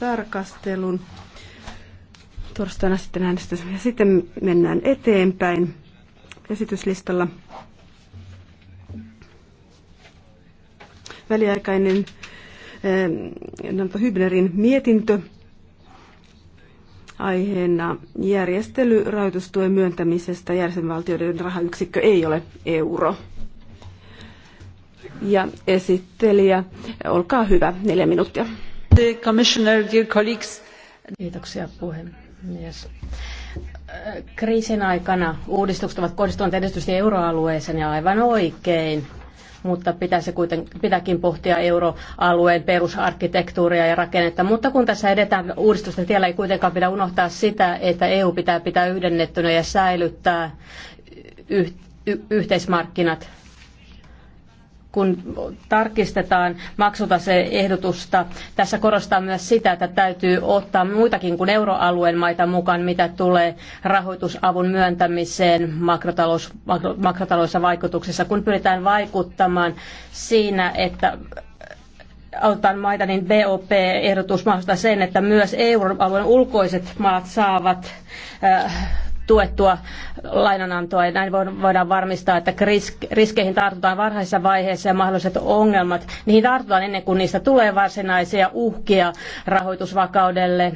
tarkastelun. Torstaina sitten äänestys. Ja sitten mennään eteenpäin esityslistalla. Väliaikainen eh, Hybnerin mietintö aiheena järjestely rahoitustuen myöntämisestä jäsenvaltioiden rahayksikkö ei ole euro. Ja esittelijä, olkaa hyvä, neljä minuuttia. Kiitoksia puhemies. Kriisin aikana uudistukset ovat kohdistuneet erityisesti euroalueeseen ja aivan oikein mutta pitäisi kuitenkin, pitääkin pohtia euroalueen perusarkkitehtuuria ja rakennetta. Mutta kun tässä edetään uudistusten tiellä, ei kuitenkaan pidä unohtaa sitä, että EU pitää pitää yhdennettynä ja säilyttää yh- yhteismarkkinat kun tarkistetaan ehdotusta. tässä korostaa myös sitä, että täytyy ottaa muitakin kuin euroalueen maita mukaan, mitä tulee rahoitusavun myöntämiseen makrotalous, makrotaloudellisissa vaikutuksissa, kun pyritään vaikuttamaan siinä, että autetaan maita, niin BOP-ehdotus mahdollistaa sen, että myös euroalueen ulkoiset maat saavat äh, tuettua lainanantoa ja näin voidaan varmistaa, että riskeihin tartutaan varhaisessa vaiheessa ja mahdolliset ongelmat, niihin tartutaan ennen kuin niistä tulee varsinaisia uhkia rahoitusvakaudelle.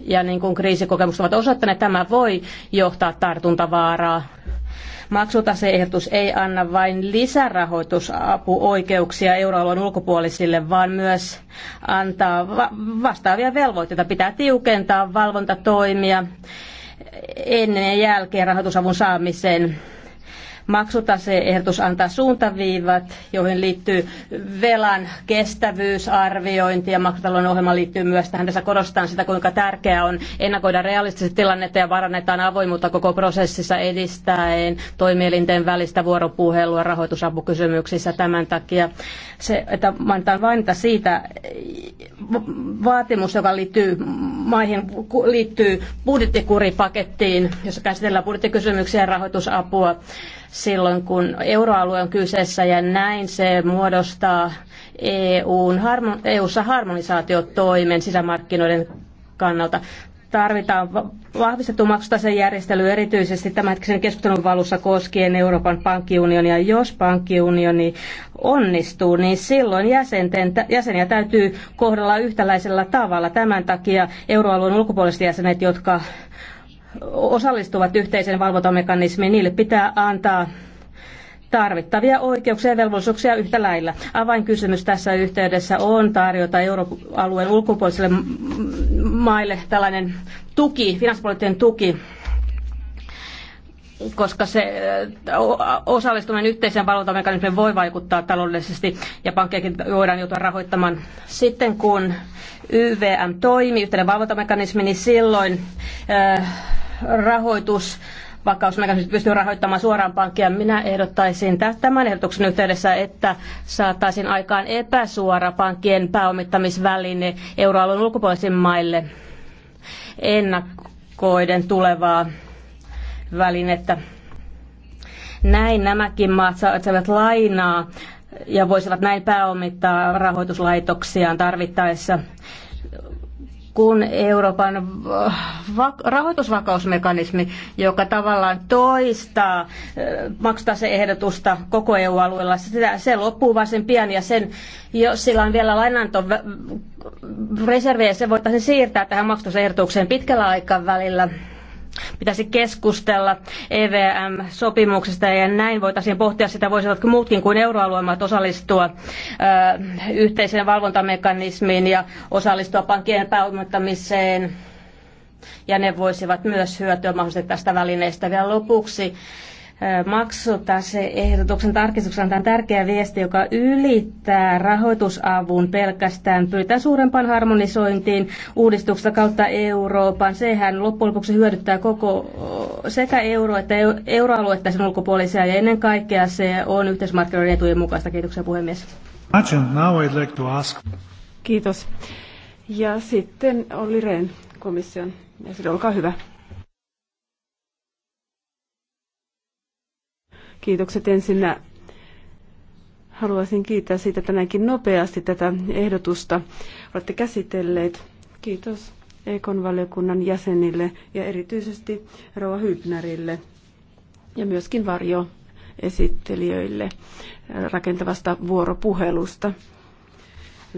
Ja niin kuin kriisikokemukset ovat osoittaneet, tämä voi johtaa tartuntavaaraa. Maksutaseehdotus ei anna vain lisärahoitusapuoikeuksia euroalueen ulkopuolisille, vaan myös antaa vastaavia velvoitteita. Pitää tiukentaa valvontatoimia ennen ja jälkeen rahoitusavun saamisen. Maksutaseehdotus antaa suuntaviivat, joihin liittyy velan kestävyysarviointi ja maksutalouden ohjelma liittyy myös tähän. Tässä korostetaan sitä, kuinka tärkeää on ennakoida realistisesti tilannetta ja varannetaan avoimuutta koko prosessissa edistäen toimielinten välistä vuoropuhelua rahoitusapukysymyksissä tämän takia. Se, että mainitaan vainita siitä vaatimus, joka liittyy maihin, liittyy budjettikuripakettiin, jossa käsitellään budjettikysymyksiä ja rahoitusapua silloin, kun euroalue on kyseessä ja näin se muodostaa EUn, EU-ssa harmonisaatiotoimen sisämarkkinoiden kannalta tarvitaan vahvistettu järjestely erityisesti tämänhetkisen keskustelun valussa koskien Euroopan pankkiunionia. Jos pankkiunioni onnistuu, niin silloin jäsenten, jäseniä täytyy kohdella yhtäläisellä tavalla. Tämän takia euroalueen ulkopuoliset jäsenet, jotka osallistuvat yhteiseen valvontamekanismiin, niille pitää antaa tarvittavia oikeuksia ja velvollisuuksia yhtä lailla. Avainkysymys tässä yhteydessä on tarjota euroalueen ulkopuolisille maille tällainen tuki, finanssipoliittinen tuki koska se osallistuminen yhteisen valvontamekanismiin voi vaikuttaa taloudellisesti ja pankkejakin voidaan joutua rahoittamaan. Sitten kun YVM toimii, yhteinen valvontamekanismi, niin silloin rahoitus vakausmekanismit pystyy rahoittamaan suoraan pankkia. Minä ehdottaisin tämän ehdotuksen yhteydessä, että saataisiin aikaan epäsuora pankkien pääomittamisväline euroalueen ulkopuolisille maille ennakkoiden tulevaa välinettä. Näin nämäkin maat saavat lainaa ja voisivat näin pääomittaa rahoituslaitoksiaan tarvittaessa. Kun Euroopan rahoitusvakausmekanismi, joka tavallaan toistaa äh, maksaa se ehdotusta koko EU-alueella, se loppuu varsin pian ja sen, jos sillä on vielä lainanto reservejä, se voitaisiin siirtää tähän maksatusehdotukseen pitkällä aikavälillä pitäisi keskustella EVM-sopimuksesta ja näin voitaisiin pohtia sitä, voisivatko muutkin kuin euroalueemaat osallistua ö, yhteiseen valvontamekanismiin ja osallistua pankkien pääomittamiseen. Ja ne voisivat myös hyötyä mahdollisesti tästä välineestä. Vielä lopuksi maksutaseehdotuksen tarkistuksessa antaa tärkeä viesti, joka ylittää rahoitusavun pelkästään, pyytää suurempaan harmonisointiin uudistuksesta kautta Euroopan. Sehän loppujen lopuksi hyödyttää koko sekä euro- että euroaluetta sen ulkopuolisia ja ennen kaikkea se on yhteismarkkinoiden etujen mukaista. Kiitoksia puhemies. Kiitos. Ja sitten Olli Rehn, komission jäsen, olkaa hyvä. Kiitokset ensinnä. Haluaisin kiittää siitä, tänäänkin nopeasti tätä ehdotusta olette käsitelleet. Kiitos Ekon valiokunnan jäsenille ja erityisesti Rova Hybnerille ja myöskin varjo esittelijöille rakentavasta vuoropuhelusta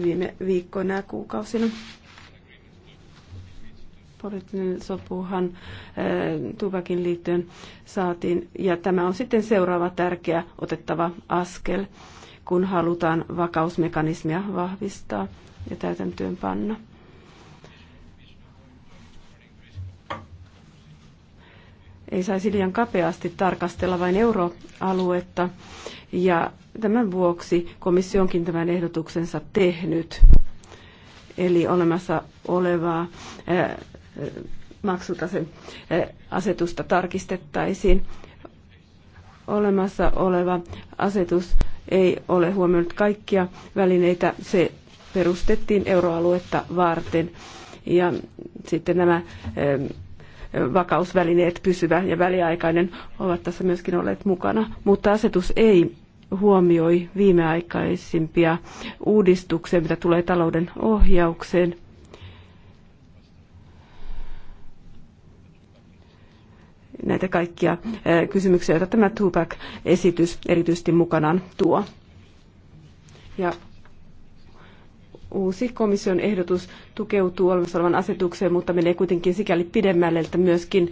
viime viikkoina ja kuukausina poliittinen sopuhan tupakin liittyen saatiin. Ja tämä on sitten seuraava tärkeä otettava askel, kun halutaan vakausmekanismia vahvistaa ja täytäntöön panna. Ei saisi liian kapeasti tarkastella vain euroaluetta ja tämän vuoksi komissio onkin tämän ehdotuksensa tehnyt eli olemassa olevaa maksutasen asetusta tarkistettaisiin. Olemassa oleva asetus ei ole huomioinut kaikkia välineitä. Se perustettiin euroaluetta varten. Ja sitten nämä vakausvälineet, pysyvä ja väliaikainen, ovat tässä myöskin olleet mukana. Mutta asetus ei huomioi viimeaikaisimpia uudistuksia, mitä tulee talouden ohjaukseen – näitä kaikkia kysymyksiä, joita tämä Tupac-esitys erityisesti mukanaan tuo. Ja uusi komission ehdotus tukeutuu olemassa olevan asetukseen, mutta menee kuitenkin sikäli pidemmälle, että myöskin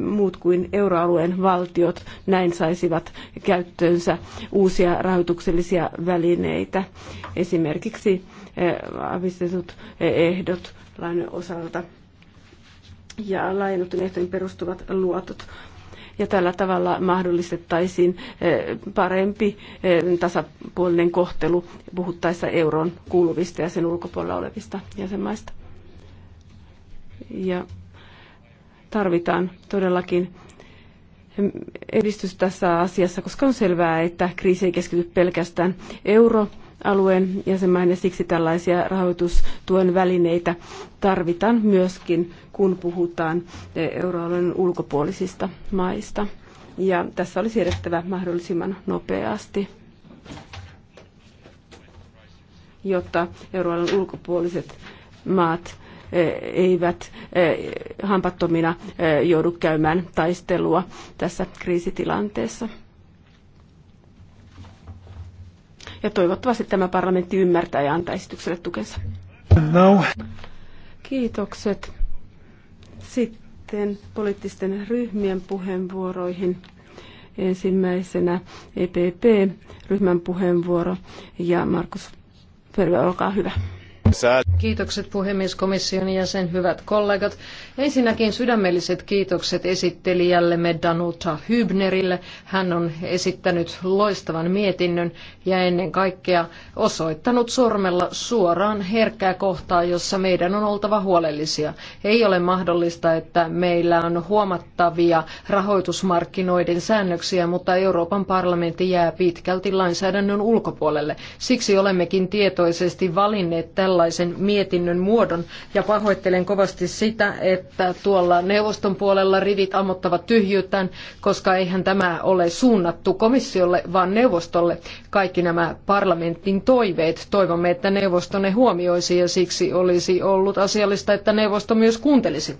muut kuin euroalueen valtiot näin saisivat käyttöönsä uusia rahoituksellisia välineitä. Esimerkiksi avistetut ehdot lainan osalta ja laajennetun ehtoihin perustuvat luotot. Ja tällä tavalla mahdollistettaisiin eh, parempi eh, tasapuolinen kohtelu puhuttaessa euron kuuluvista ja sen ulkopuolella olevista jäsenmaista. Ja tarvitaan todellakin eh, edistys tässä asiassa, koska on selvää, että kriisi ei keskity pelkästään euro alueen jäsenmaihin ja siksi tällaisia rahoitustuen välineitä tarvitaan myöskin, kun puhutaan eh, euroalueen ulkopuolisista maista. Ja tässä olisi edettävä mahdollisimman nopeasti, jotta euroalueen ulkopuoliset maat eh, eivät eh, hampattomina joudu käymään taistelua tässä kriisitilanteessa. Ja toivottavasti tämä parlamentti ymmärtää ja antaa esitykselle tukensa. No. Kiitokset. Sitten poliittisten ryhmien puheenvuoroihin. Ensimmäisenä EPP-ryhmän puheenvuoro ja Markus Perve, olkaa hyvä. Kiitokset puhemies komission jäsen, hyvät kollegat. Ensinnäkin sydämelliset kiitokset esittelijällemme Danuta Hybnerille. Hän on esittänyt loistavan mietinnön ja ennen kaikkea osoittanut sormella suoraan herkkää kohtaa, jossa meidän on oltava huolellisia. Ei ole mahdollista, että meillä on huomattavia rahoitusmarkkinoiden säännöksiä, mutta Euroopan parlamentti jää pitkälti lainsäädännön ulkopuolelle. Siksi olemmekin tietoisesti valinneet tällä tällaisen mietinnön muodon. Ja pahoittelen kovasti sitä, että tuolla neuvoston puolella rivit ammottavat tyhjyyttään, koska eihän tämä ole suunnattu komissiolle, vaan neuvostolle. Kaikki nämä parlamentin toiveet. Toivomme, että neuvosto ne huomioisi ja siksi olisi ollut asiallista, että neuvosto myös kuuntelisi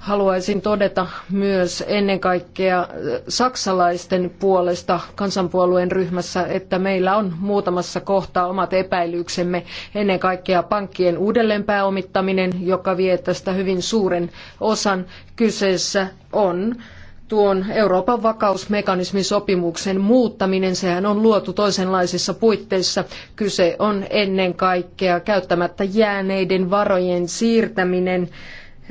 haluaisin todeta myös ennen kaikkea äh, saksalaisten puolesta kansanpuolueen ryhmässä, että meillä on muutamassa kohtaa omat epäilyksemme, ennen kaikkea pankkien uudelleenpääomittaminen, joka vie tästä hyvin suuren osan. Kyseessä on tuon Euroopan vakausmekanismisopimuksen muuttaminen, sehän on luotu toisenlaisissa puitteissa. Kyse on ennen kaikkea käyttämättä jääneiden varojen siirtäminen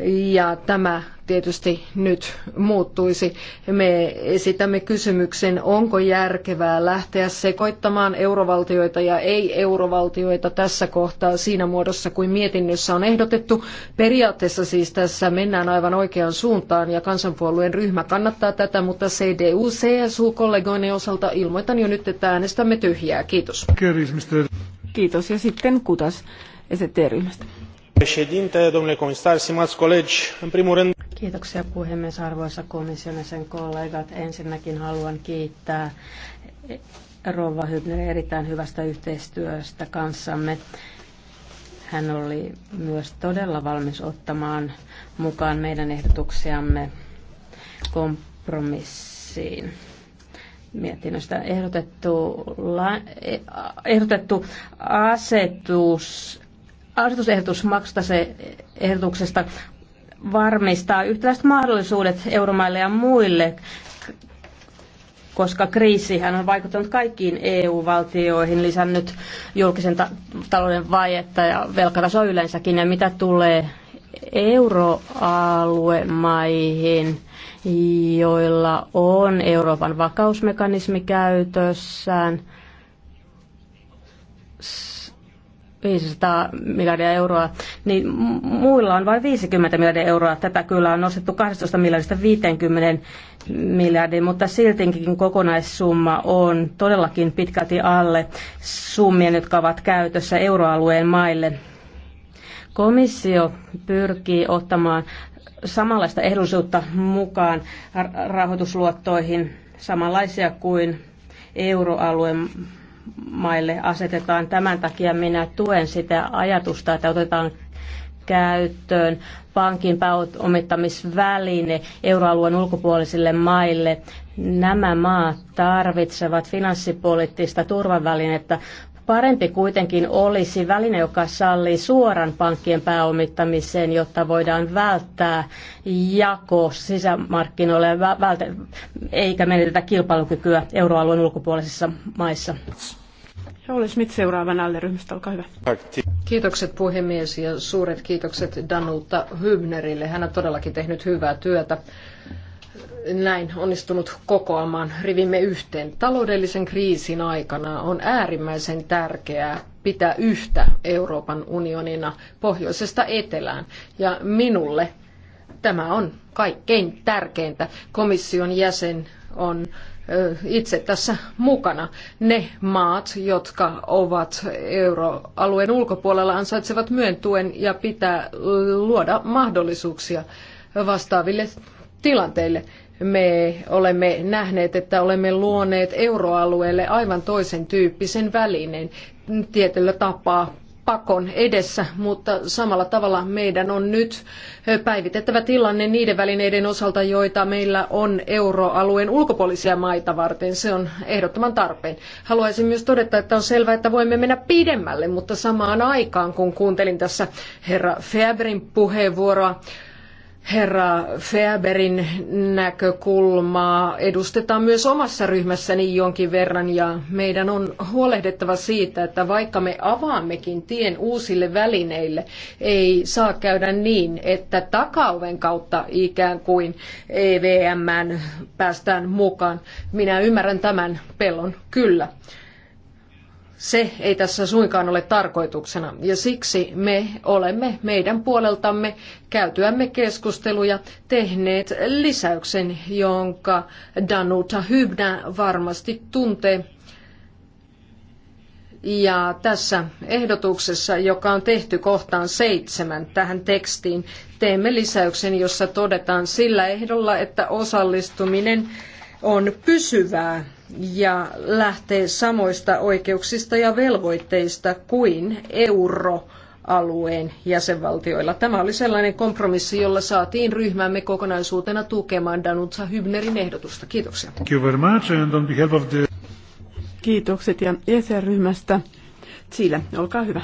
ja tämä tietysti nyt muuttuisi. Me esitämme kysymyksen, onko järkevää lähteä sekoittamaan eurovaltioita ja ei-eurovaltioita tässä kohtaa siinä muodossa kuin mietinnössä on ehdotettu. Periaatteessa siis tässä mennään aivan oikeaan suuntaan ja kansanpuolueen ryhmä kannattaa tätä, mutta CDU, CSU kollegoinen osalta ilmoitan jo nyt, että äänestämme tyhjää. Kiitos. Kiitos ja sitten kutas ST-ryhmästä în primul rând... Kiitoksia puhemies, arvoisa komission ja sen kollegat. Ensinnäkin haluan kiittää Rova Hybner erittäin hyvästä yhteistyöstä kanssamme. Hän oli myös todella valmis ottamaan mukaan meidän ehdotuksiamme kompromissiin mietinnöstä ehdotettu, eh, ehdotettu asetus asetusehdotus maksusta se ehdotuksesta varmistaa yhtäläiset mahdollisuudet euromaille ja muille, koska kriisihän on vaikuttanut kaikkiin EU-valtioihin, lisännyt julkisen ta- talouden vajetta ja velkataso yleensäkin. Ja mitä tulee euroaluemaihin, joilla on Euroopan vakausmekanismi käytössään, 500 miljardia euroa, niin muilla on vain 50 miljardia euroa. Tätä kyllä on nostettu 12 miljardista 50 miljardia, mutta siltikin kokonaissumma on todellakin pitkälti alle summien, jotka ovat käytössä euroalueen maille. Komissio pyrkii ottamaan samanlaista ehdollisuutta mukaan rahoitusluottoihin, samanlaisia kuin euroalueen maille asetetaan. Tämän takia minä tuen sitä ajatusta, että otetaan käyttöön pankin pääomittamisväline euroalueen ulkopuolisille maille. Nämä maat tarvitsevat finanssipoliittista turvavälinettä Parempi kuitenkin olisi väline, joka sallii suoran pankkien pääomittamiseen, jotta voidaan välttää jako sisämarkkinoille vält- eikä menetetä kilpailukykyä euroalueen ulkopuolisissa maissa. Olle Schmidt seuraavan ryhmästä, olkaa hyvä. Kiitokset puhemies ja suuret kiitokset Danulta Hybnerille. Hän on todellakin tehnyt hyvää työtä näin onnistunut kokoamaan rivimme yhteen. Taloudellisen kriisin aikana on äärimmäisen tärkeää pitää yhtä Euroopan unionina pohjoisesta etelään. Ja minulle tämä on kaikkein tärkeintä. Komission jäsen on itse tässä mukana. Ne maat, jotka ovat euroalueen ulkopuolella, ansaitsevat myöntuen ja pitää luoda mahdollisuuksia vastaaville tilanteille. Me olemme nähneet, että olemme luoneet euroalueelle aivan toisen tyyppisen välineen tietyllä tapaa pakon edessä, mutta samalla tavalla meidän on nyt päivitettävä tilanne niiden välineiden osalta, joita meillä on euroalueen ulkopuolisia maita varten. Se on ehdottoman tarpeen. Haluaisin myös todeta, että on selvää, että voimme mennä pidemmälle, mutta samaan aikaan, kun kuuntelin tässä herra Feberin puheenvuoroa, herra Feberin näkökulmaa edustetaan myös omassa ryhmässäni jonkin verran ja meidän on huolehdittava siitä, että vaikka me avaammekin tien uusille välineille, ei saa käydä niin, että takauven kautta ikään kuin EVMään päästään mukaan. Minä ymmärrän tämän pelon kyllä. Se ei tässä suinkaan ole tarkoituksena ja siksi me olemme meidän puoleltamme käytyämme keskusteluja tehneet lisäyksen, jonka Danuta Hybnä varmasti tuntee. Ja tässä ehdotuksessa, joka on tehty kohtaan seitsemän tähän tekstiin, teemme lisäyksen, jossa todetaan sillä ehdolla, että osallistuminen on pysyvää ja lähtee samoista oikeuksista ja velvoitteista kuin euroalueen jäsenvaltioilla. Tämä oli sellainen kompromissi, jolla saatiin ryhmämme kokonaisuutena tukemaan Danutsa Hybnerin ehdotusta. Kiitoksia. Kiitokset ja ESR-ryhmästä. Siile, olkaa hyvä.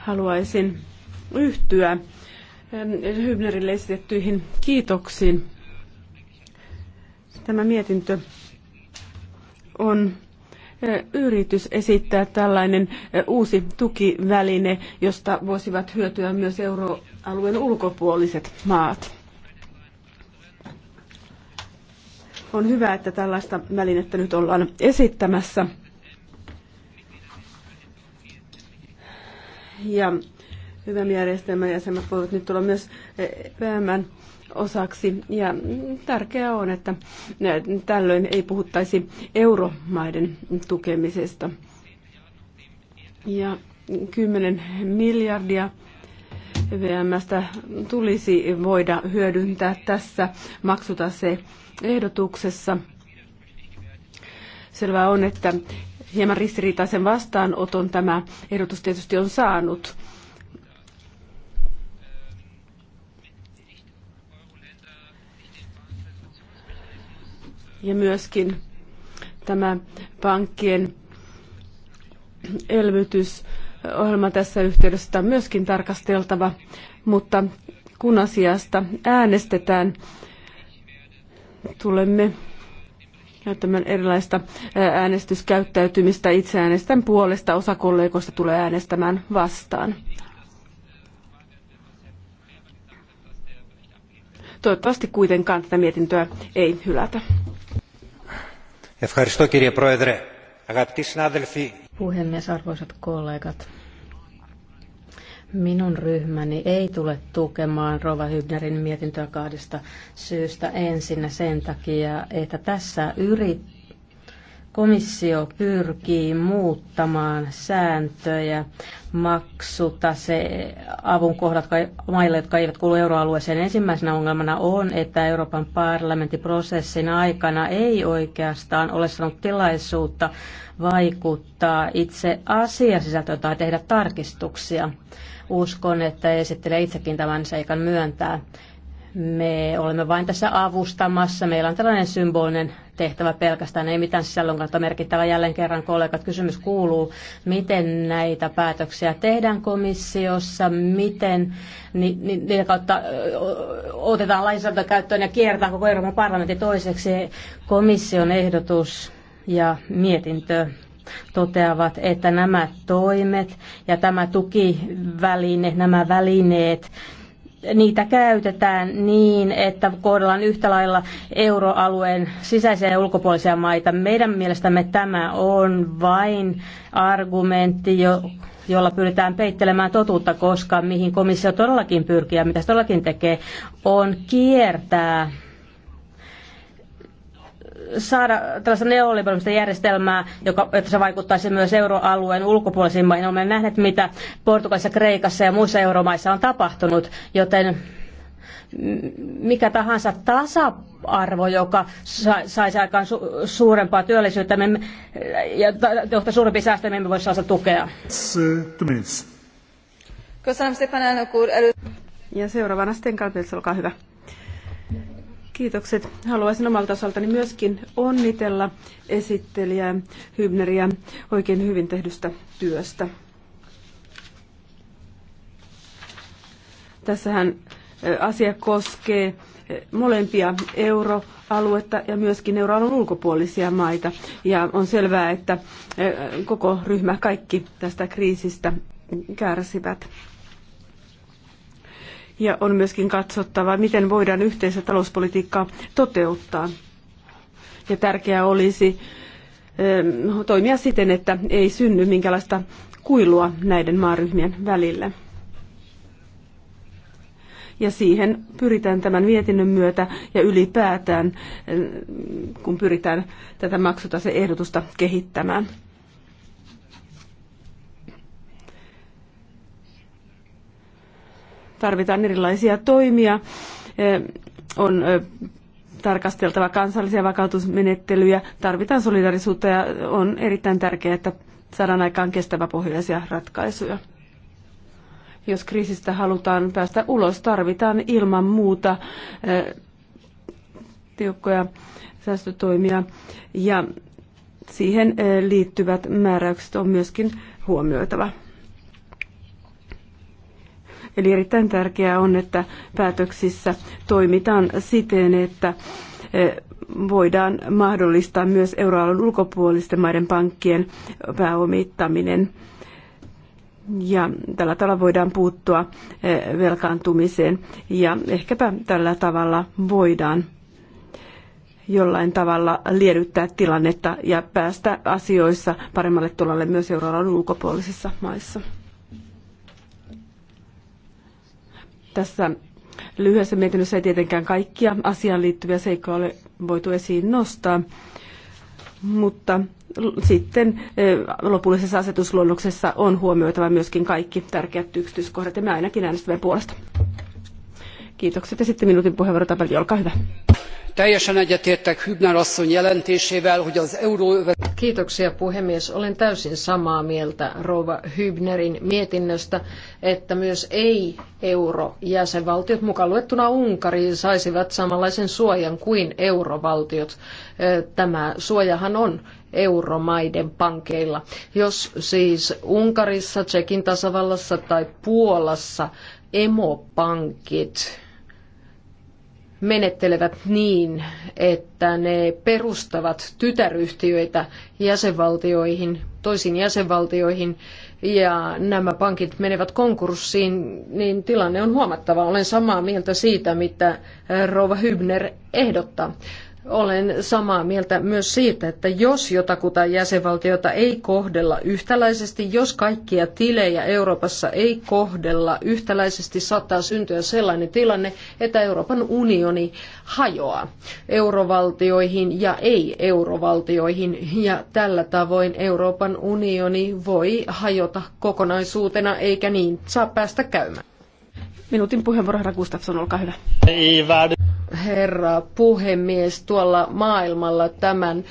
haluaisin yhtyä Hybnerille ähm, esitettyihin kiitoksiin. Tämä mietintö on äh, yritys esittää tällainen äh, uusi tukiväline, josta voisivat hyötyä myös euroalueen ulkopuoliset maat. On hyvä, että tällaista välinettä nyt ollaan esittämässä. ja järjestelmä ja sen voivat nyt tulla myös vähemmän eh, osaksi. Ja tärkeää on, että eh, tällöin ei puhuttaisi euromaiden tukemisesta. Ja 10 miljardia VMstä tulisi voida hyödyntää tässä maksutase ehdotuksessa. Selvää on, että hieman ristiriitaisen vastaanoton tämä ehdotus tietysti on saanut. Ja myöskin tämä pankkien elvytysohjelma tässä yhteydessä on myöskin tarkasteltava, mutta kun asiasta äänestetään, tulemme käyttämään erilaista äänestyskäyttäytymistä. Itse äänestän puolesta, osa kollegoista tulee äänestämään vastaan. Toivottavasti kuitenkaan tätä mietintöä ei hylätä. Puhemies, arvoisat kollegat. Minun ryhmäni ei tule tukemaan Rova Hybnerin mietintöä kahdesta syystä. Ensinnä sen takia, että tässä yrittää komissio pyrkii muuttamaan sääntöjä se avun kohdat maille, jotka eivät kuulu euroalueeseen. Ensimmäisenä ongelmana on, että Euroopan parlamentin prosessin aikana ei oikeastaan ole saanut tilaisuutta vaikuttaa itse asiasisältöön tai tehdä tarkistuksia. Uskon, että esittelee itsekin tämän seikan myöntää. Me olemme vain tässä avustamassa. Meillä on tällainen symbolinen tehtävä pelkästään, ei mitään sisällön kautta merkittävä. Jälleen kerran kollegat, kysymys kuuluu, miten näitä päätöksiä tehdään komissiossa, miten ni, ni, niitä kautta ö, otetaan lainsäädäntö käyttöön ja kierretään koko Euroopan parlamentti toiseksi komission ehdotus ja mietintö toteavat, että nämä toimet ja tämä tukiväline, nämä välineet, niitä käytetään niin, että kohdellaan yhtä lailla euroalueen sisäisiä ja ulkopuolisia maita. Meidän mielestämme tämä on vain argumentti, jo, jolla pyritään peittelemään totuutta, koska mihin komissio todellakin pyrkii ja mitä se todellakin tekee, on kiertää saada tällaista neoliberalista järjestelmää, joka, että se vaikuttaisi myös euroalueen ulkopuolisiin maihin. Olemme nähneet, mitä Portugalissa, Kreikassa ja muissa euromaissa on tapahtunut, joten mikä tahansa tasa-arvo, joka saisi aikaan su- suurempaa työllisyyttä me, ja johtaa suurempi säästö, me emme voi saada tukea. Ja seuraavana sitten Kalpils, olkaa hyvä. Kiitokset. Haluaisin omalta osaltani myöskin onnitella esittelijää Hybneriä oikein hyvin tehdystä työstä. Tässähän asia koskee molempia euroaluetta ja myöskin euroalueen ulkopuolisia maita. Ja on selvää, että koko ryhmä, kaikki tästä kriisistä kärsivät ja on myöskin katsottava, miten voidaan yhteistä talouspolitiikkaa toteuttaa. Ja tärkeää olisi ähm, toimia siten, että ei synny minkälaista kuilua näiden maaryhmien välille. Ja siihen pyritään tämän mietinnön myötä ja ylipäätään, äh, kun pyritään tätä maksutase-ehdotusta kehittämään. tarvitaan erilaisia toimia. On tarkasteltava kansallisia vakautusmenettelyjä, tarvitaan solidarisuutta ja on erittäin tärkeää, että saadaan aikaan kestäväpohjaisia ratkaisuja. Jos kriisistä halutaan päästä ulos, tarvitaan ilman muuta tiukkoja säästötoimia ja siihen liittyvät määräykset on myöskin huomioitava. Eli erittäin tärkeää on, että päätöksissä toimitaan siten, että eh, voidaan mahdollistaa myös euroalueen ulkopuolisten maiden pankkien pääomittaminen. Ja tällä tavalla voidaan puuttua eh, velkaantumiseen ja ehkäpä tällä tavalla voidaan jollain tavalla liedyttää tilannetta ja päästä asioissa paremmalle tolalle myös euroalueen ulkopuolisissa maissa. Tässä lyhyessä mietinnössä ei tietenkään kaikkia asiaan liittyviä seikkoja ole voitu esiin nostaa, mutta sitten e, lopullisessa asetusluonnoksessa on huomioitava myöskin kaikki tärkeät yksityiskohdat, ja me ainakin äänestämme puolesta. Kiitokset, ja sitten minuutin puheenvuoro Tapelti, olkaa hyvä teljesen egyetértek Hübner asszony jelentésével, hogy az euró... Kiitoksia puhemies. Olen täysin samaa mieltä Rova Hübnerin mietinnöstä, että myös ei-euro-jäsenvaltiot, mukaan luettuna Unkari, saisivat samanlaisen suojan kuin eurovaltiot. Tämä suojahan on euromaiden pankeilla. Jos siis Unkarissa, Tsekin tasavallassa tai Puolassa emopankit menettelevät niin, että ne perustavat tytäryhtiöitä jäsenvaltioihin, toisiin jäsenvaltioihin, ja nämä pankit menevät konkurssiin, niin tilanne on huomattava. Olen samaa mieltä siitä, mitä Rova Hybner ehdottaa. Olen samaa mieltä myös siitä, että jos jotakuta jäsenvaltiota ei kohdella yhtäläisesti, jos kaikkia tilejä Euroopassa ei kohdella yhtäläisesti, saattaa syntyä sellainen tilanne, että Euroopan unioni hajoaa eurovaltioihin ja ei-eurovaltioihin, ja tällä tavoin Euroopan unioni voi hajota kokonaisuutena, eikä niin saa päästä käymään. Minuutin puheenvuoro, Gustafsson, olkaa hyvä. Ei väärin herra puhemies, tuolla maailmalla tämän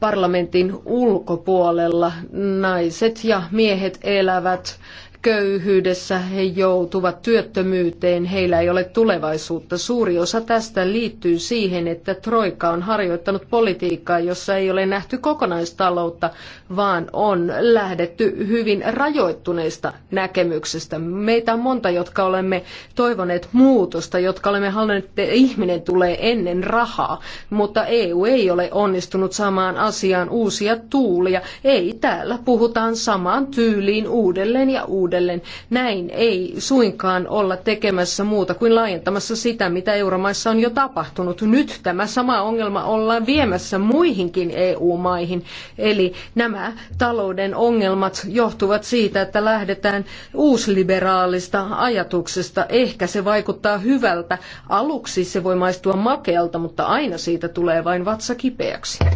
parlamentin ulkopuolella naiset ja miehet elävät köyhyydessä, he joutuvat työttömyyteen, heillä ei ole tulevaisuutta. Suuri osa tästä liittyy siihen, että Troika on harjoittanut politiikkaa, jossa ei ole nähty kokonaistaloutta, vaan on lähdetty hyvin rajoittuneista näkemyksistä. Meitä on monta, jotka olemme toivoneet muutosta, jotka olemme halunneet, että ihminen tulee ennen rahaa, mutta EU ei ole onnistunut samaan asiaan uusia tuulia. Ei, täällä puhutaan samaan tyyliin uudelleen ja uudelleen uudelleen. Näin ei suinkaan olla tekemässä muuta kuin laajentamassa sitä, mitä euromaissa on jo tapahtunut. Nyt tämä sama ongelma ollaan viemässä muihinkin EU-maihin. Eli nämä talouden ongelmat johtuvat siitä, että lähdetään uusliberaalista ajatuksesta. Ehkä se vaikuttaa hyvältä. Aluksi se voi maistua makealta, mutta aina siitä tulee vain vatsa kipeäksi. a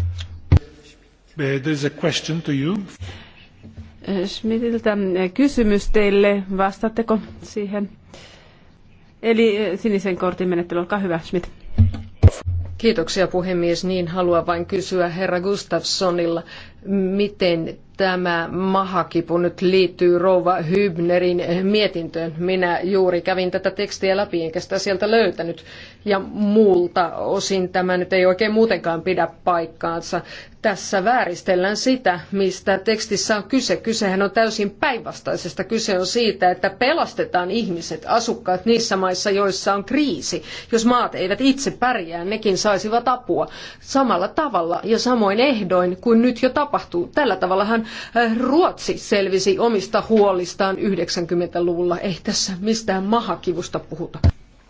question to you. Schmidtiltä kysymys teille. Vastaatteko siihen? Eli eh, sinisen kortin menettely, olkaa hyvä, Schmidt. Kiitoksia puhemies. Niin haluan vain kysyä herra Gustafssonilla miten tämä mahakipu nyt liittyy Rova Hybnerin mietintöön. Minä juuri kävin tätä tekstiä läpi, enkä sitä sieltä löytänyt. Ja muulta osin tämä nyt ei oikein muutenkaan pidä paikkaansa. Tässä vääristellään sitä, mistä tekstissä on kyse. Kysehän on täysin päinvastaisesta. Kyse on siitä, että pelastetaan ihmiset, asukkaat niissä maissa, joissa on kriisi. Jos maat eivät itse pärjää, nekin saisivat apua samalla tavalla ja samoin ehdoin kuin nyt jo tapahtuu tapahtuu. Tällä tavallahan eh, Ruotsi selvisi omista huolistaan 90-luvulla. Ei tässä mistään mahakivusta puhuta.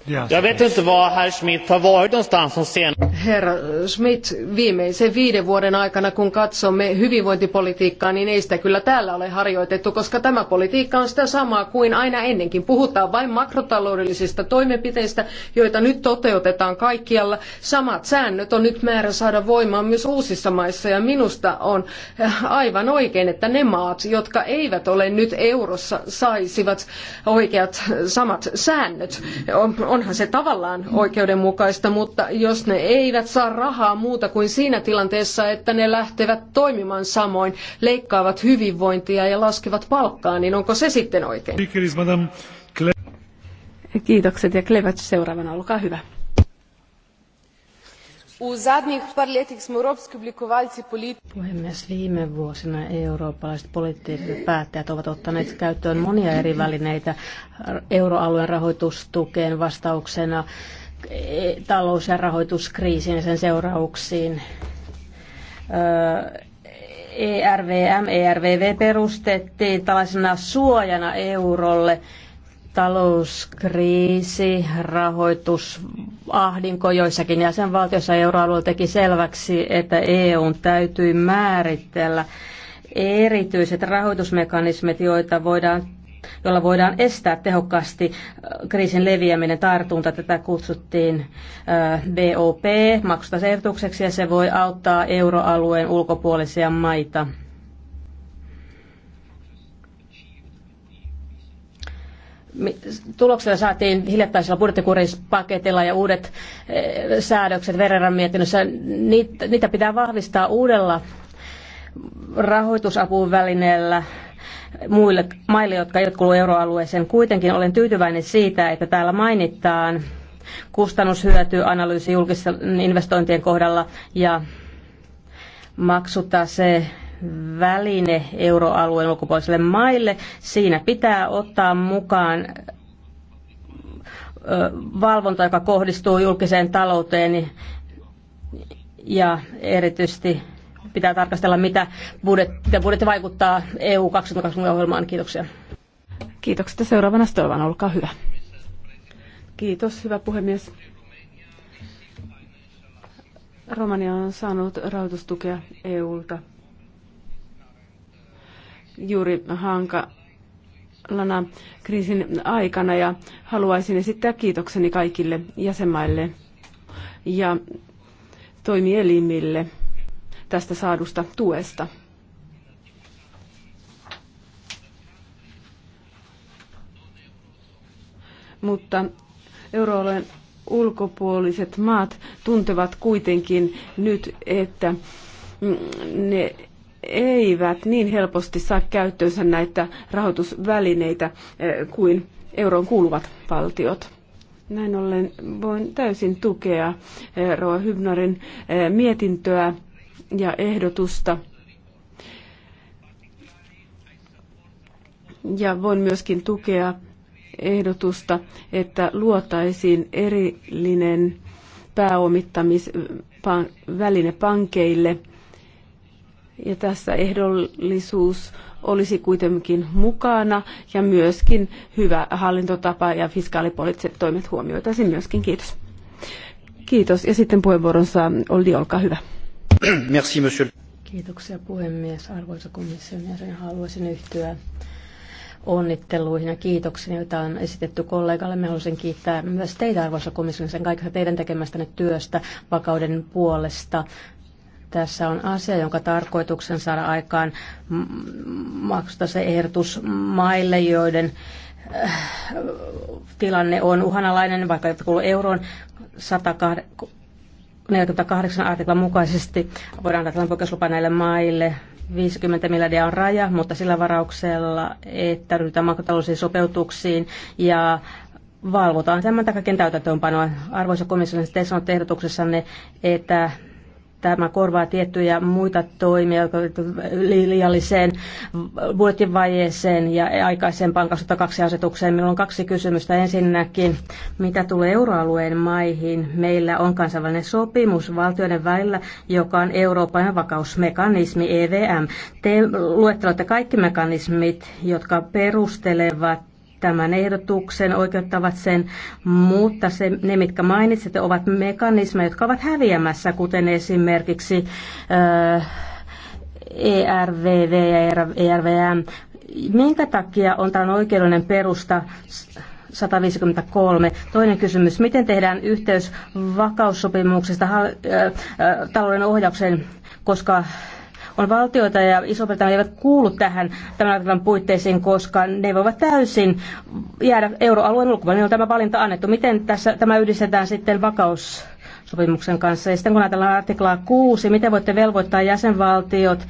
Jag vet inte var herr Schmidt har varit någonstans de senaste... Herra Schmidt, viimeisen viiden vuoden aikana kun katsomme hyvinvointipolitiikkaa, niin ei sitä kyllä täällä ole harjoitettu, koska tämä politiikka on sitä samaa kuin aina ennenkin. Puhutaan vain makrotaloudellisista toimenpiteistä, joita nyt toteutetaan kaikkialla. Samat säännöt on nyt määrä saada voimaan myös uusissa maissa ja minusta on äh, aivan oikein, että ne maat, jotka eivät ole nyt eurossa, saisivat oikeat samat säännöt. On onhan se tavallaan oikeudenmukaista, mutta jos ne eivät saa rahaa muuta kuin siinä tilanteessa, että ne lähtevät toimimaan samoin, leikkaavat hyvinvointia ja laskevat palkkaa, niin onko se sitten oikein? Kiitokset ja Klevats seuraavana, olkaa hyvä. U zadnjih par letih smo oblikovalci Puhemies, viime vuosina eurooppalaiset poliittiset päättäjät ovat ottaneet käyttöön monia eri välineitä euroalueen rahoitustukeen vastauksena e, talous- ja rahoituskriisiin ja sen seurauksiin. ERVM, ERVV perustettiin tällaisena suojana eurolle talouskriisi, rahoitusahdinko joissakin jäsenvaltioissa euroalueella teki selväksi, että EUn täytyy määritellä erityiset rahoitusmekanismit, joita voidaan jolla voidaan estää tehokkaasti äh, kriisin leviäminen tartunta. Tätä kutsuttiin äh, BOP maksutasehdotukseksi ja se voi auttaa euroalueen ulkopuolisia maita tuloksena saatiin hiljattaisella budjettikuripaketilla ja uudet eh, säädökset Vereran mietinnössä. Niitä pitää vahvistaa uudella rahoitusapuvälineellä muille maille, jotka eivät kuulu euroalueeseen. Kuitenkin olen tyytyväinen siitä, että täällä mainitaan kustannushyötyanalyysi julkisten investointien kohdalla ja maksutase väline euroalueen ulkopuolisille maille. Siinä pitää ottaa mukaan valvonta, joka kohdistuu julkiseen talouteen ja erityisesti pitää tarkastella, mitä budjetti, mitä budjetti vaikuttaa EU 2020-ohjelmaan. Kiitoksia. Kiitokset ja seuraavana Stolvan, olkaa hyvä. Kiitos, hyvä puhemies. Romania on saanut rahoitustukea EUlta juuri hankalana kriisin aikana ja haluaisin esittää kiitokseni kaikille jäsenmaille ja toimielimille tästä saadusta tuesta. Mutta euroalueen ulkopuoliset maat tuntevat kuitenkin nyt, että ne eivät niin helposti saa käyttöönsä näitä rahoitusvälineitä eh, kuin euroon kuuluvat valtiot. Näin ollen voin täysin tukea eh, Roa Hybnerin eh, mietintöä ja ehdotusta. Ja voin myöskin tukea ehdotusta, että luotaisiin erillinen pääomittamisväline pankeille – ja tässä ehdollisuus olisi kuitenkin mukana ja myöskin hyvä hallintotapa ja fiskaalipoliittiset toimet huomioitaisiin myöskin. Kiitos. Kiitos. Ja sitten saa Oldi, olkaa hyvä. Merci, monsieur. Kiitoksia puhemies. Arvoisa komission jäsen, haluaisin yhtyä onnitteluihin ja kiitoksiin, joita on esitetty kollegalle. Me haluaisin kiittää myös teitä, arvoisa komission sen kaikesta teidän tekemästänne työstä vakauden puolesta tässä on asia, jonka tarkoituksen saada aikaan maksuta se ehdotus maille, joiden äh, tilanne on uhanalainen, vaikka ei kuulu euroon 148 artiklan mukaisesti. Voidaan antaa tällainen poikkeuslupa näille maille. 50 miljardia on raja, mutta sillä varauksella, että ryhdytään makrotaloudellisiin sopeutuksiin ja valvotaan tämän takakin täytäntöönpanoa. Arvoisa komission, te sanotte ehdotuksessanne, että tämä korvaa tiettyjä muita toimia liialliseen vuotivajeeseen ja aikaisempaan 2002 asetukseen. Minulla on kaksi kysymystä. Ensinnäkin, mitä tulee euroalueen maihin? Meillä on kansainvälinen sopimus valtioiden välillä, joka on Euroopan vakausmekanismi EVM. Te luettelette kaikki mekanismit, jotka perustelevat tämän ehdotuksen, oikeuttavat sen, mutta se, ne, mitkä mainitsitte, ovat mekanismeja, jotka ovat häviämässä, kuten esimerkiksi äh, ERVV ja ERVM. Minkä takia on tämän oikeudellinen perusta 153. Toinen kysymys, miten tehdään yhteys vakaussopimuksesta talouden ohjaukseen, koska on valtioita ja iso eivät kuulu tähän tämän artiklan puitteisiin, koska ne voivat täysin jäädä euroalueen ulkopuolelle. Niin on tämä valinta annettu. Miten tässä tämä yhdistetään sitten vakaus? sopimuksen kanssa. Ja sitten kun ajatellaan artiklaa 6, miten voitte velvoittaa jäsenvaltiot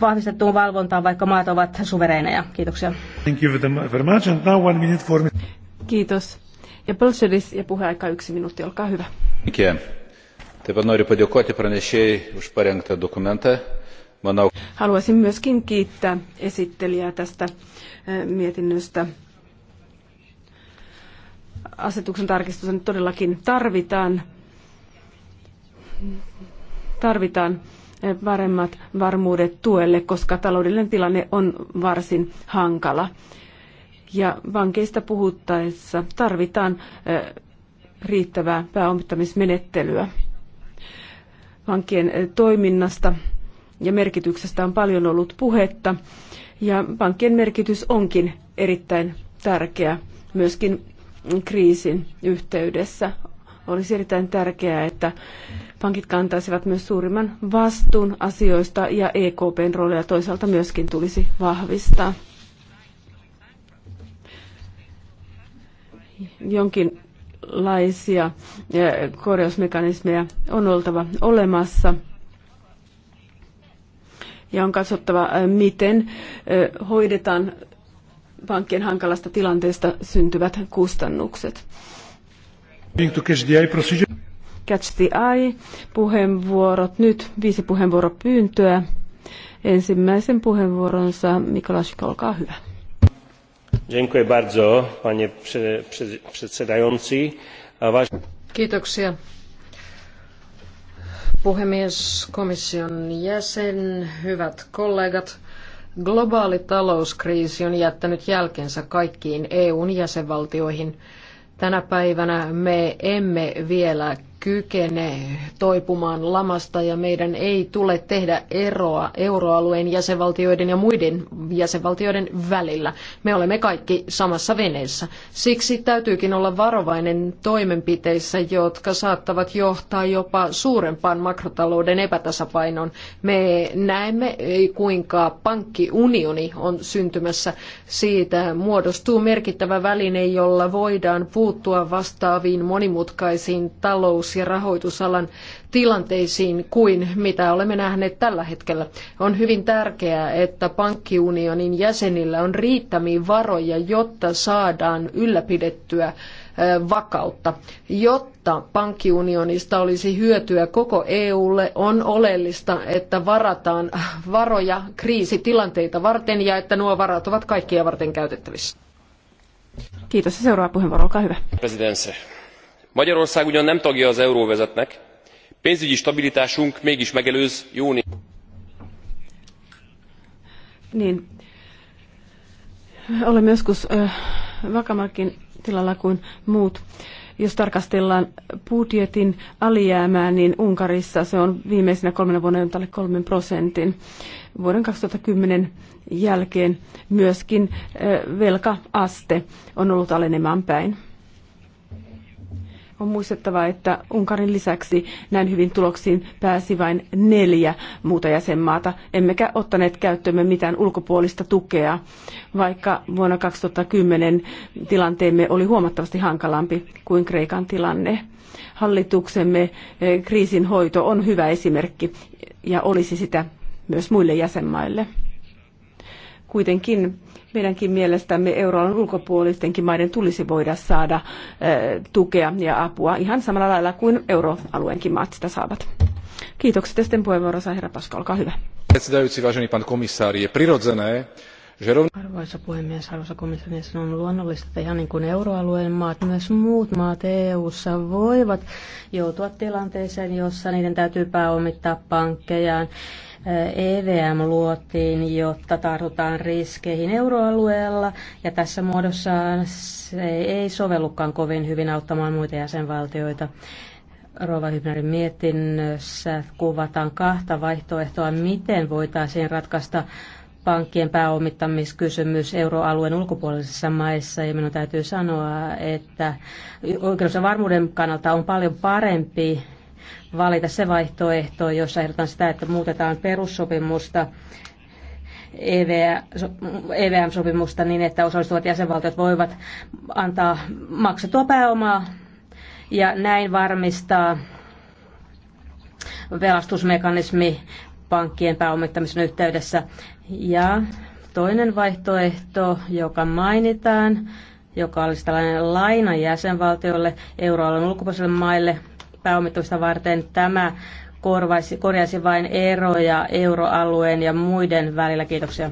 vahvistettuun valvontaan, vaikka maat ovat suvereineja? Kiitoksia. Thank you very much. And now one minute for me. Kiitos. Ja Pölsselis ja puheaika yksi minuutti, olkaa hyvä. Kiitos. Taip pat noriu padėkoti pranešėjai už parengtą dokumentą. Haluaisin myöskin kiittää esittelijää tästä eh, mietinnöstä. Asetuksen tarkistusta nyt todellakin tarvitaan. Tarvitaan eh, paremmat varmuudet tuelle, koska taloudellinen tilanne on varsin hankala. Ja vankeista puhuttaessa tarvitaan eh, riittävää pääomittamismenettelyä. Vankien toiminnasta ja merkityksestä on paljon ollut puhetta. Ja pankkien merkitys onkin erittäin tärkeä myöskin kriisin yhteydessä. Olisi erittäin tärkeää, että pankit kantaisivat myös suurimman vastuun asioista ja EKPn roolia toisaalta myöskin tulisi vahvistaa. Jonkinlaisia eh, korjausmekanismeja on oltava olemassa – ja on katsottava, äh, miten äh, hoidetaan pankkien hankalasta tilanteesta syntyvät kustannukset. Catch the Eye, puheenvuorot nyt, viisi puheenvuoropyyntöä. Ensimmäisen puheenvuoronsa Mikolasik, olkaa hyvä. Dziękuję bardzo, panie przedsedający. Kiitoksia, puhemies, komission jäsen, hyvät kollegat. Globaali talouskriisi on jättänyt jälkensä kaikkiin EUn jäsenvaltioihin. Tänä päivänä me emme vielä kykene toipumaan lamasta ja meidän ei tule tehdä eroa euroalueen jäsenvaltioiden ja muiden jäsenvaltioiden välillä. Me olemme kaikki samassa veneessä. Siksi täytyykin olla varovainen toimenpiteissä, jotka saattavat johtaa jopa suurempaan makrotalouden epätasapainoon. Me näemme, kuinka pankkiunioni on syntymässä. Siitä muodostuu merkittävä väline, jolla voidaan puuttua vastaaviin monimutkaisiin talous talous- ja rahoitusalan tilanteisiin kuin mitä olemme nähneet tällä hetkellä. On hyvin tärkeää, että pankkiunionin jäsenillä on riittämiin varoja, jotta saadaan ylläpidettyä vakautta. Jotta pankkiunionista olisi hyötyä koko EUlle, on oleellista, että varataan varoja kriisitilanteita varten ja että nuo varat ovat kaikkia varten käytettävissä. Kiitos seuraava puheenvuoro, olkaa hyvä magyarország ugyan nem tagja az euróövezetnek pénzügyi stabilitásunk mégis megelőz jó niin. Olemme joskus ö, vakamarkin tilalla kuin muut. Jos tarkastellaan budjetin alijäämää, niin Unkarissa se on viimeisenä kolmena vuonna tälle kolmen prosentin. Vuoden 2010 jälkeen myöskin velkaaste on ollut alenemaan päin. On muistettava, että Unkarin lisäksi näin hyvin tuloksiin pääsi vain neljä muuta jäsenmaata, emmekä ottaneet käyttöömme mitään ulkopuolista tukea, vaikka vuonna 2010 tilanteemme oli huomattavasti hankalampi kuin Kreikan tilanne. Hallituksemme eh, kriisinhoito on hyvä esimerkki ja olisi sitä myös muille jäsenmaille. Kuitenkin meidänkin mielestämme euroalueen ulkopuolistenkin maiden tulisi voida saada eh, tukea ja apua ihan samalla lailla kuin euroalueenkin maat sitä saavat. Kiitokset ja sitten puheenvuoro saa herra Paska, olkaa hyvä. Arvoisa puhemies, arvoisa komissaari, on luonnollista, että ihan niin kuin euroalueen maat, myös muut maat EU-ssa voivat joutua tilanteeseen, jossa niiden täytyy pääomittaa pankkejaan EVM luotiin, jotta tartutaan riskeihin euroalueella, ja tässä muodossa se ei sovellukaan kovin hyvin auttamaan muita jäsenvaltioita. Rova Hybnerin mietinnössä kuvataan kahta vaihtoehtoa, miten voitaisiin ratkaista pankkien pääomittamiskysymys euroalueen ulkopuolisissa maissa. Ja minun täytyy sanoa, että ja varmuuden kannalta on paljon parempi valita se vaihtoehto, jossa ehdotan sitä, että muutetaan perussopimusta EVM-sopimusta e niin, että osallistuvat jäsenvaltiot voivat antaa maksettua pääomaa ja näin varmistaa velastusmekanismi pankkien pääomittamisen yhteydessä. Ja toinen vaihtoehto, joka mainitaan, joka olisi tällainen laina jäsenvaltiolle, euroalueen ulkopuolisille maille – pääomitusta varten. Tämä korvaisi, korjaisi vain eroja euroalueen ja muiden välillä. Kiitoksia.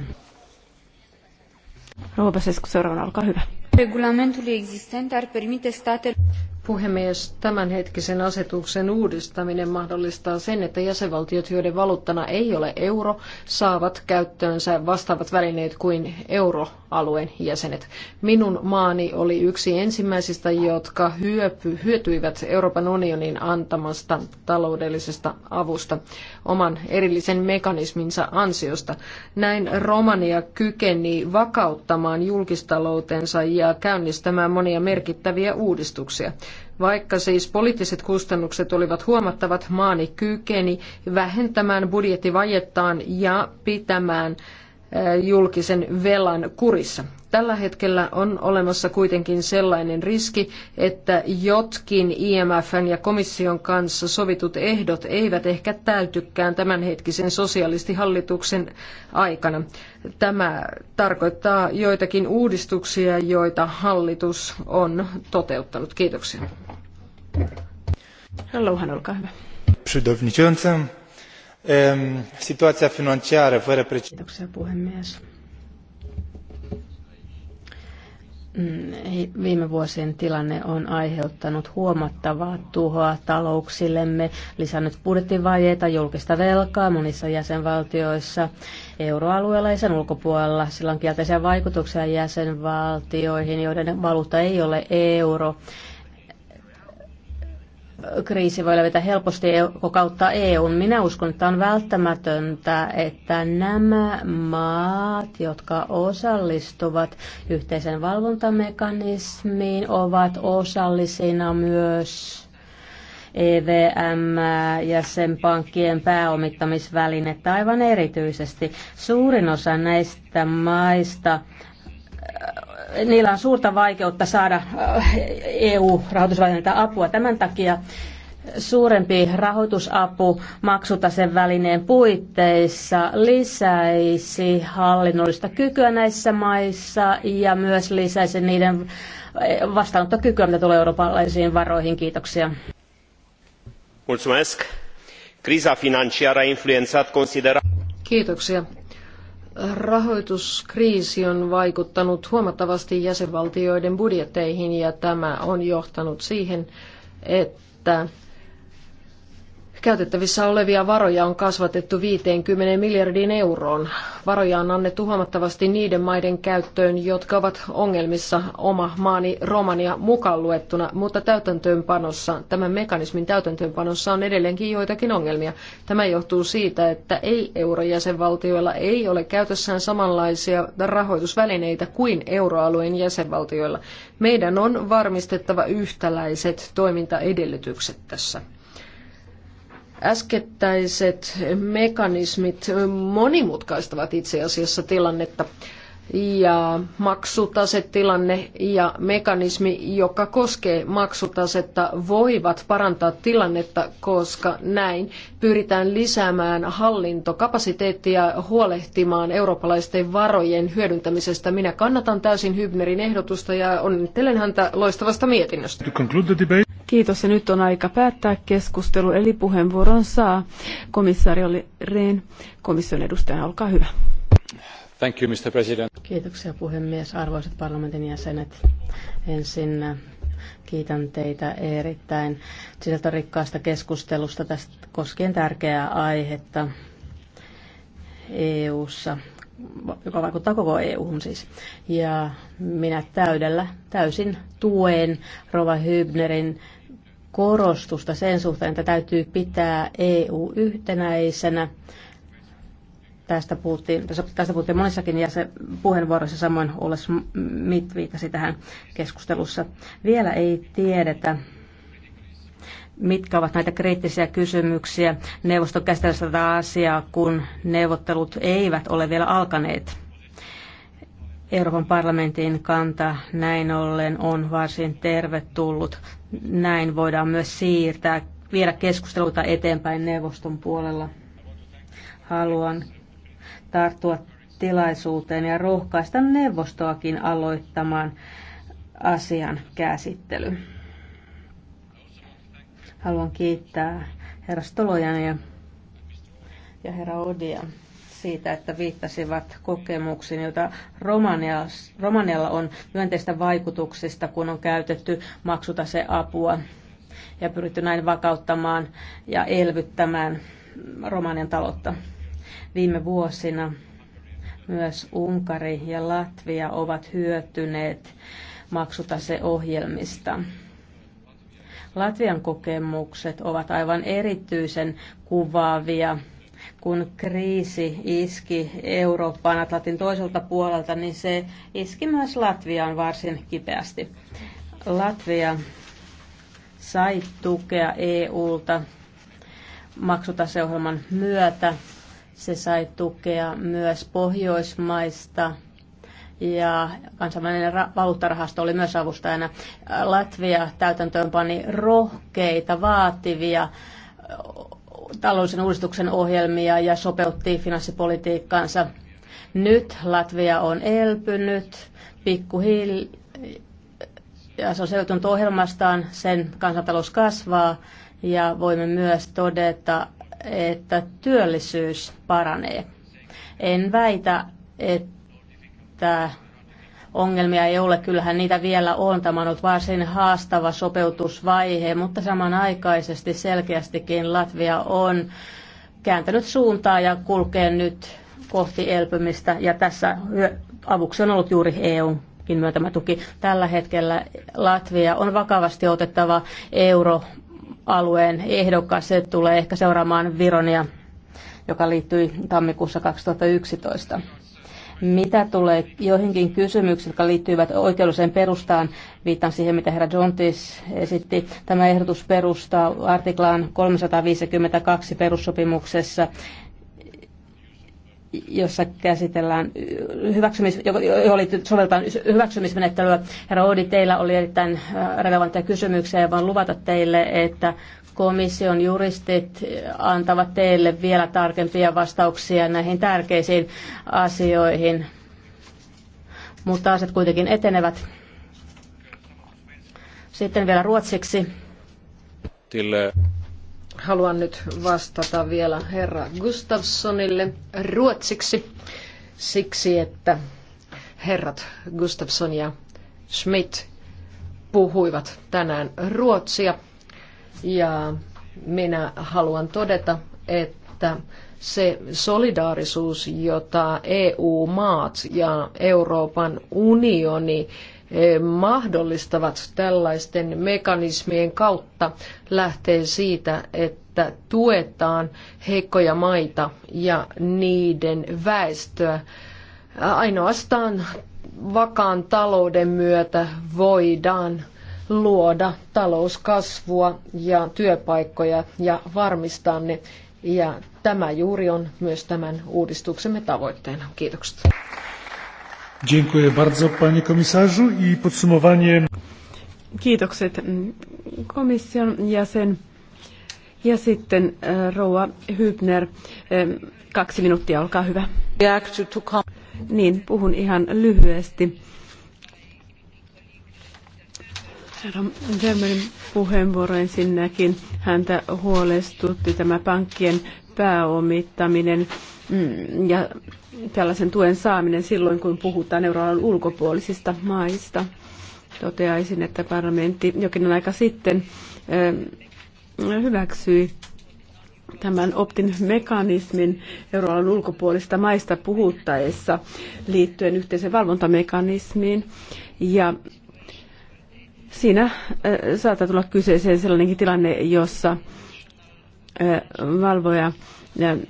Rouva Sesku, seuraavana olkaa hyvä. Regulamentului existent ar permite Puhemies, tämänhetkisen asetuksen uudistaminen mahdollistaa sen, että jäsenvaltiot, joiden valuuttana ei ole euro, saavat käyttöönsä vastaavat välineet kuin euro Alueen jäsenet. Minun maani oli yksi ensimmäisistä, jotka hyöpy, hyötyivät Euroopan unionin antamasta taloudellisesta avusta oman erillisen mekanisminsa ansiosta. Näin Romania kykeni vakauttamaan julkistaloutensa ja käynnistämään monia merkittäviä uudistuksia. Vaikka siis poliittiset kustannukset olivat huomattavat, maani kykeni vähentämään budjettivajettaan ja pitämään julkisen velan kurissa. Tällä hetkellä on olemassa kuitenkin sellainen riski, että jotkin IMFn ja komission kanssa sovitut ehdot eivät ehkä täytykään tämänhetkisen sosialistihallituksen aikana. Tämä tarkoittaa joitakin uudistuksia, joita hallitus on toteuttanut. Kiitoksia. Hello, olkaa hyvä. Ehm, Situaatio financiaare fără Kiitoksia mm, Viime vuosien tilanne on aiheuttanut huomattavaa tuhoa talouksillemme, lisännyt budjettivajeita, julkista velkaa monissa jäsenvaltioissa, euroalueella ja sen ulkopuolella. Sillä on kielteisiä vaikutuksia jäsenvaltioihin, joiden valuutta ei ole euro kriisi voi levitä helposti e kautta EUn. Minä uskon, että on välttämätöntä, että nämä maat, jotka osallistuvat yhteisen valvontamekanismiin, ovat osallisina myös EVM ja sen pankkien pääomittamisvälinettä aivan erityisesti. Suurin osa näistä maista niillä on suurta vaikeutta saada äh, EU-rahoitusvälineiltä apua. Tämän takia suurempi rahoitusapu maksutasen välineen puitteissa lisäisi hallinnollista kykyä näissä maissa ja myös lisäisi niiden äh, vastaanottokykyä, mitä tulee eurooppalaisiin varoihin. Kiitoksia. Mulțumesc. Criza financiară a influențat considerabil. Kiitoksia. Rahoituskriisi on vaikuttanut huomattavasti jäsenvaltioiden budjetteihin ja tämä on johtanut siihen, että Käytettävissä olevia varoja on kasvatettu 50 miljardiin euroon. Varoja on annettu huomattavasti niiden maiden käyttöön, jotka ovat ongelmissa oma maani Romania mukaan luettuna, mutta täytäntöönpanossa, tämän mekanismin täytäntöönpanossa on edelleenkin joitakin ongelmia. Tämä johtuu siitä, että ei-eurojäsenvaltioilla ei ole käytössään samanlaisia rahoitusvälineitä kuin euroalueen jäsenvaltioilla. Meidän on varmistettava yhtäläiset toimintaedellytykset tässä. Äskettäiset mekanismit monimutkaistavat itse asiassa tilannetta ja maksutasetilanne ja mekanismi, joka koskee maksutasetta, voivat parantaa tilannetta, koska näin pyritään lisäämään hallintokapasiteettia huolehtimaan eurooppalaisten varojen hyödyntämisestä. Minä kannatan täysin Hybnerin ehdotusta ja onnittelen häntä loistavasta mietinnöstä. Kiitos ja nyt on aika päättää keskustelu, eli puheenvuoron saa komissaari Rehn, komission edustajana, olkaa hyvä. Kiitoksia puhemies, arvoisat parlamentin jäsenet. Ensin äh, kiitän teitä erittäin sisältörikkaasta keskustelusta tästä koskien tärkeää aihetta EU-ssa, joka vaikuttaa koko EU-hun siis. Ja minä täydellä, täysin tuen Rova Hybnerin korostusta sen suhteen, että täytyy pitää EU yhtenäisenä Tästä puhuttiin, tästä puhuttiin monissakin ja se puheenvuorossa samoin Oles Mit viittasi tähän keskustelussa. Vielä ei tiedetä, mitkä ovat näitä kriittisiä kysymyksiä. neuvoston käsitellessä tätä asiaa, kun neuvottelut eivät ole vielä alkaneet. Euroopan parlamentin kanta näin ollen on varsin tervetullut. Näin voidaan myös siirtää, viedä keskusteluita eteenpäin neuvoston puolella. Haluan tarttua tilaisuuteen ja rohkaista neuvostoakin aloittamaan asian käsittely. Haluan kiittää herra Stolojan ja, ja herra Odia siitä, että viittasivat kokemuksiin, joita Romanialla on myönteistä vaikutuksista, kun on käytetty maksutaseapua ja pyritty näin vakauttamaan ja elvyttämään Romanian taloutta. Viime vuosina myös Unkari ja Latvia ovat hyötyneet maksutaseohjelmista. Latvian kokemukset ovat aivan erityisen kuvaavia. Kun kriisi iski Eurooppaan Atlantin toiselta puolelta, niin se iski myös Latviaan varsin kipeästi. Latvia sai tukea EU-ta maksutaseohjelman myötä se sai tukea myös Pohjoismaista ja kansainvälinen valuuttarahasto oli myös avustajana. Latvia täytäntöönpani rohkeita, vaativia taloudellisen uudistuksen ohjelmia ja sopeutti finanssipolitiikkaansa. Nyt Latvia on elpynyt pikkuhiljaa ja se on selvitynyt ohjelmastaan, sen kansantalous kasvaa ja voimme myös todeta, että työllisyys paranee. En väitä, että ongelmia ei ole. Kyllähän niitä vielä on. Tämä on ollut varsin haastava sopeutusvaihe, mutta samanaikaisesti selkeästikin Latvia on kääntänyt suuntaa ja kulkee nyt kohti elpymistä. Ja tässä avuksi on ollut juuri EU myötämä tuki. Tällä hetkellä Latvia on vakavasti otettava euro alueen ehdokas. Se tulee ehkä seuraamaan Vironia, joka liittyi tammikuussa 2011. Mitä tulee joihinkin kysymyksiin, jotka liittyvät oikeudelliseen perustaan, viittaan siihen, mitä herra Jontis esitti. Tämä ehdotus perustaa artiklaan 352 perussopimuksessa jossa käsitellään hyväksymis, jo, soveltaan hyväksymismenettelyä. Herra Oodi, teillä oli erittäin äh, relevantteja kysymyksiä ja voin luvata teille, että komission juristit antavat teille vielä tarkempia vastauksia näihin tärkeisiin asioihin. Mutta asiat kuitenkin etenevät. Sitten vielä ruotsiksi. Till Haluan nyt vastata vielä herra Gustafssonille ruotsiksi, siksi että herrat Gustafsson ja Schmidt puhuivat tänään ruotsia. Ja minä haluan todeta, että se solidaarisuus, jota EU-maat ja Euroopan unioni Eh, mahdollistavat tällaisten mekanismien kautta lähtee siitä, että tuetaan heikkoja maita ja niiden väestöä. Ainoastaan vakaan talouden myötä voidaan luoda talouskasvua ja työpaikkoja ja varmistaa ne. Ja tämä juuri on myös tämän uudistuksemme tavoitteena. Kiitokset. Dziękuję bardzo, panie komisarzu. I podsumowanie. Kiitokset mm, komission jäsen. Ja sitten e, Rouva Hybner, e, kaksi minuuttia, olkaa hyvä. Niin, puhun ihan lyhyesti. Herra Germanin puheenvuoro ensinnäkin häntä huolestutti tämä pankkien pääomittaminen Mm, ja tällaisen tuen saaminen silloin, kun puhutaan euroalueen ulkopuolisista maista. Toteaisin, että parlamentti jokin aika sitten hyväksyi tämän optin mekanismin euroalueen ulkopuolista maista puhuttaessa liittyen yhteisen valvontamekanismiin. Ja siinä saattaa tulla kyseeseen sellainenkin tilanne, jossa valvoja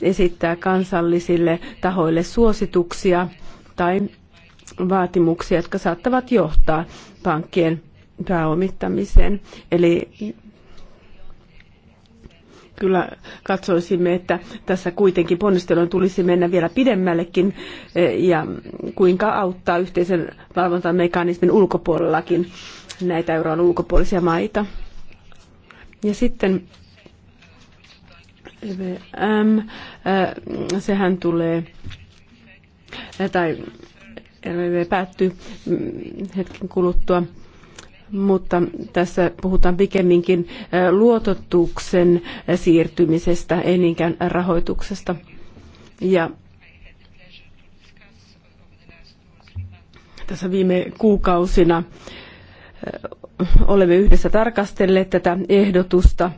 esittää kansallisille tahoille suosituksia tai vaatimuksia, jotka saattavat johtaa pankkien pääomittamiseen. Eli kyllä katsoisimme, että tässä kuitenkin ponnistelun tulisi mennä vielä pidemmällekin e, ja kuinka auttaa yhteisen valvontamekanismin ulkopuolellakin näitä euron ulkopuolisia maita. Ja sitten EVM, sehän tulee, tai RVV päättyy hetken kuluttua, mutta tässä puhutaan pikemminkin luototuksen siirtymisestä, ei niinkään rahoituksesta. Ja tässä viime kuukausina olemme yhdessä tarkastelleet tätä ehdotusta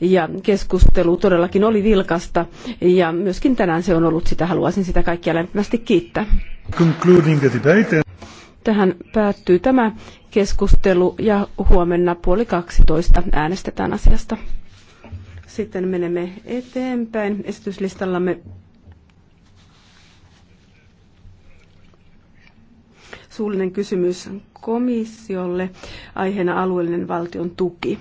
ja keskustelu todellakin oli vilkasta ja myöskin tänään se on ollut sitä. Haluaisin sitä kaikkia lämpimästi kiittää. Tähän päättyy tämä keskustelu ja huomenna puoli 12 äänestetään asiasta. Sitten menemme eteenpäin. Esityslistallamme suullinen kysymys komissiolle, aiheena alueellinen valtion tuki.